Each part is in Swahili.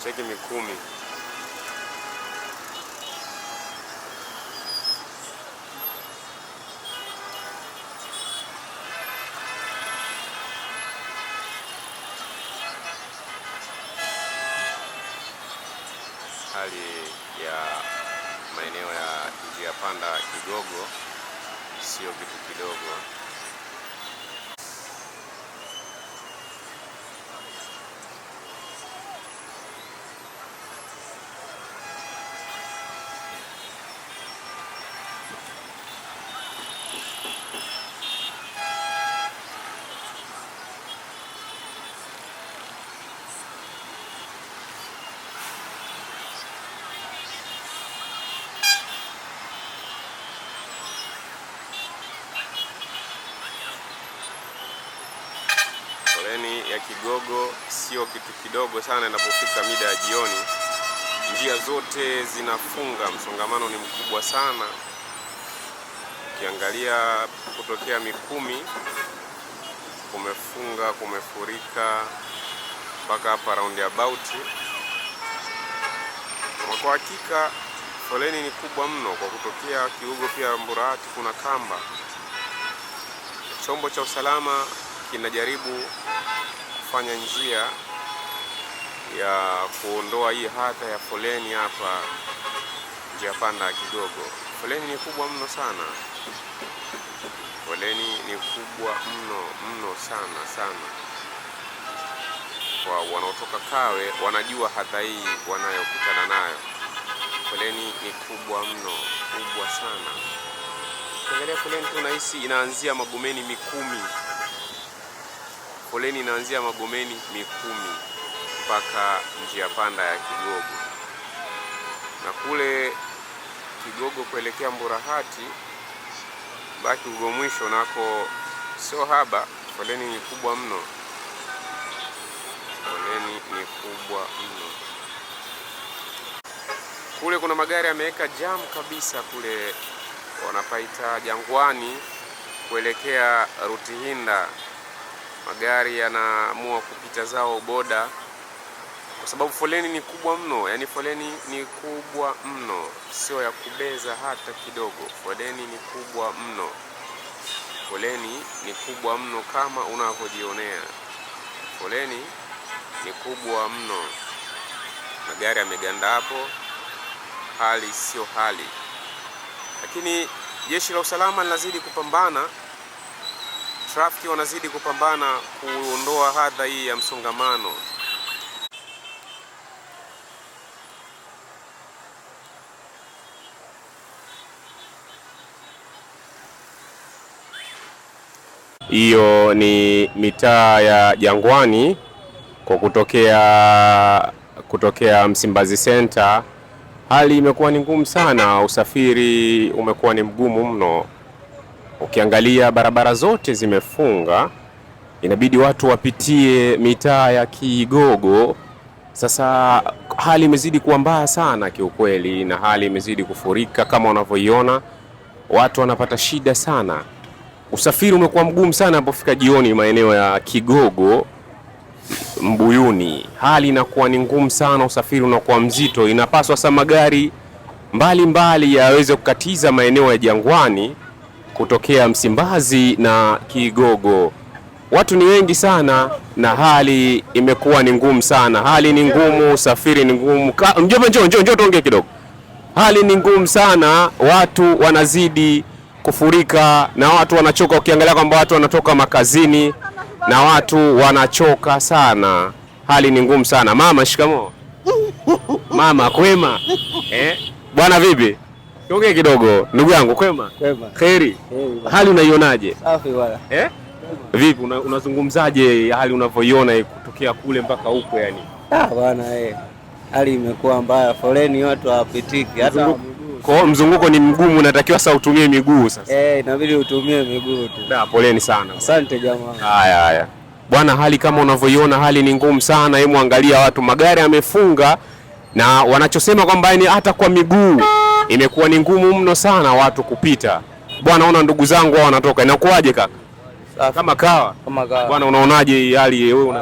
Cheki Mikumi. Hali ya maeneo ya njia panda Kigogo sio kitu kidogo. yani ya Kigogo sio kitu kidogo sana. Inapofika mida ya jioni, njia zote zinafunga, msongamano ni mkubwa sana. Ukiangalia kutokea Mikumi kumefunga, kumefurika mpaka hapa roundabout. Kwa hakika foleni ni kubwa mno. Kwa kutokea Kigogo pia Mburahati kuna kamba, chombo cha usalama kinajaribu kufanya njia ya kuondoa hii hata ya foleni hapa njia panda kidogo. Foleni ni kubwa mno sana, foleni ni kubwa mno mno sana sana. Kwa wanaotoka Kawe wanajua hata hii wanayokutana nayo. Foleni ni kubwa mno, kubwa sana. Ukiangalia foleni tu unahisi inaanzia Magomeni Mikumi. Foleni inaanzia Magomeni Mikumi mpaka njia panda ya Kigogo, na kule Kigogo kuelekea Mburahati baki ugo mwisho nako sio haba, foleni ni kubwa mno, foleni ni kubwa mno. Kule kuna magari yameweka jam kabisa, kule wanapaita Jangwani kuelekea Rutihinda magari yanaamua kupita zao boda, kwa sababu foleni ni kubwa mno. Yani foleni ni kubwa mno, sio ya kubeza hata kidogo. Foleni ni kubwa mno, foleni ni kubwa mno kama unavyojionea, foleni ni kubwa mno. Magari yameganda hapo, hali sio hali, lakini jeshi la usalama linazidi kupambana trafiki wanazidi kupambana kuondoa hadha hii ya msongamano. Hiyo ni mitaa ya Jangwani kwa kutokea kutokea Msimbazi Center. Hali imekuwa ni ngumu sana, usafiri umekuwa ni mgumu mno. Ukiangalia barabara zote zimefunga, inabidi watu wapitie mitaa ya Kigogo. Sasa hali imezidi kuwa mbaya sana kiukweli, na hali imezidi kufurika kama unavyoiona, watu wanapata shida sana. Usafiri umekuwa mgumu sana unapofika jioni maeneo ya Kigogo, Mbuyuni, hali inakuwa ni ngumu sana, usafiri unakuwa mzito. Inapaswa sasa magari mbalimbali yaweze kukatiza maeneo ya Jangwani kutokea Msimbazi na Kigogo. Watu ni wengi sana na hali imekuwa ni ngumu sana. Hali ni ngumu, safiri ni ngumu. Njoo njoo njoo njoo tuongee kidogo. Hali ni ngumu sana, watu wanazidi kufurika na watu wanachoka. Ukiangalia kwamba watu wanatoka makazini na watu wanachoka sana, hali ni ngumu sana. Mama, shikamoo. Mama, kwema eh? Bwana, vipi? Tuongee kidogo ndugu yangu, kwema? Kwema. Kheri. Hali unaionaje? Safi bwana. Eh? Vipi unazungumzaje una hali unavyoiona kutokea kule mpaka huko yani? Ah bwana eh. Hali imekuwa mbaya, foleni watu hawapitiki hata kwa mzunguko ni mgumu, natakiwa sasa utumie miguu sasa. Eh, inabidi utumie miguu tu. Na poleni sana. Asante jamaa. Haya haya. Bwana, hali kama unavyoiona hali ni ngumu sana. Hebu angalia watu, magari yamefunga na wanachosema kwamba ni hata kwa miguu imekuwa ni ngumu mno sana watu kupita. Bwana, ona ndugu zangu hao wanatoka, inakuwaje kaka? Kama kawa Kama kawa. bwana, unaonaje hii hali wewe,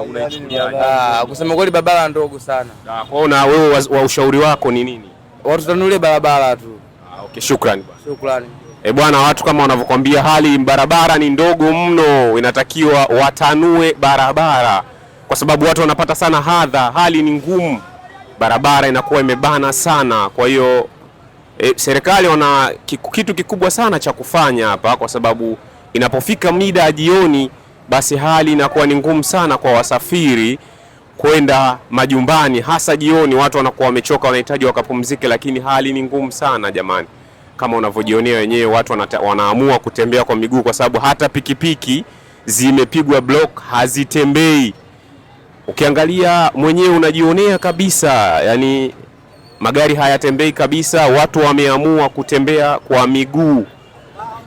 Ah, Kusema kweli, barabara ndogo sana. Kwa hiyo na wewe wa ushauri wako ni nini? Watu tanule barabara tu. Ah, Okay, shukrani bwana. Shukrani. Eh, bwana, watu kama wanavyokuambia hali barabara ni ndogo mno, inatakiwa watanue barabara kwa sababu watu wanapata sana hadha, hali ni ngumu, barabara inakuwa imebana sana, kwa hiyo e, serikali wana kitu kikubwa sana cha kufanya hapa, kwa sababu inapofika mida ya jioni, basi hali inakuwa ni ngumu sana kwa wasafiri kwenda majumbani, hasa jioni. Watu wanakuwa wamechoka, wanahitaji wakapumzike, lakini hali ni ngumu sana jamani. Kama unavyojionea wenyewe, watu wanata, wanaamua kutembea kwa miguu kwa sababu hata pikipiki zimepigwa block, hazitembei. Ukiangalia mwenyewe unajionea kabisa yani magari hayatembei kabisa, watu wameamua kutembea kwa miguu,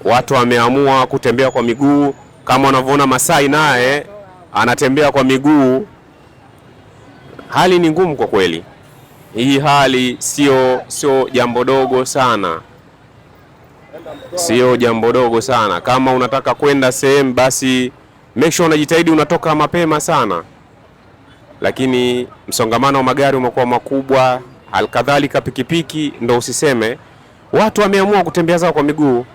watu wameamua kutembea kwa miguu kama unavyoona Masai naye anatembea kwa miguu. Hali ni ngumu kwa kweli, hii hali sio sio jambo dogo sana, sio jambo dogo sana. Kama unataka kwenda sehemu, basi make sure unajitahidi unatoka mapema sana, lakini msongamano wa magari umekuwa makubwa Alkadhalika pikipiki ndo usiseme, watu wameamua kutembea zao kwa miguu.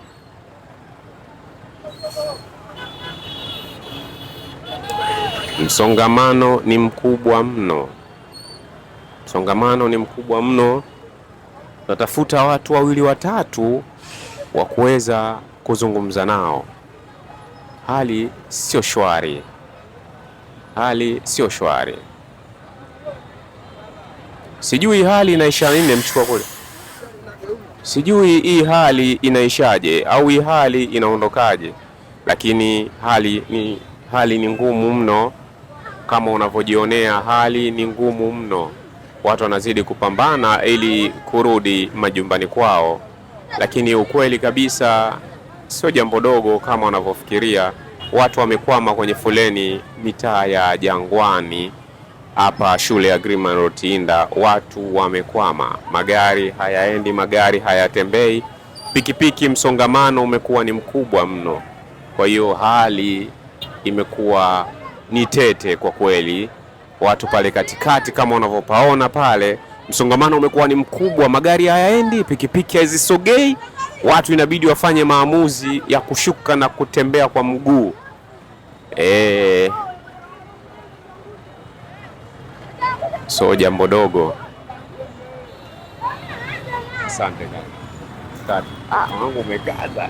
Msongamano ni mkubwa mno, msongamano ni mkubwa mno. Natafuta watu wawili watatu wa kuweza kuzungumza nao. Hali sio shwari, hali sio shwari. Sijui hali inaisha nini, mchukua kule, sijui hii hali inaishaje au hii hali inaondokaje, lakini hali ni hali ni ngumu mno, kama unavyojionea, hali ni ngumu mno. Watu wanazidi kupambana ili kurudi majumbani kwao, lakini ukweli kabisa sio jambo dogo kama wanavyofikiria. Watu wamekwama kwenye foleni mitaa ya Jangwani hapa shule ya Green Road Tinda, watu wamekwama, magari hayaendi, magari hayatembei, pikipiki, msongamano umekuwa ni mkubwa mno. Kwa hiyo hali imekuwa ni tete kwa kweli. Watu pale katikati kama unavyopaona pale, msongamano umekuwa ni mkubwa, magari hayaendi, pikipiki hazisogei, watu inabidi wafanye maamuzi ya kushuka na kutembea kwa mguu eh. so jambo dogo. Asante Ah, Mwanangu umekaza.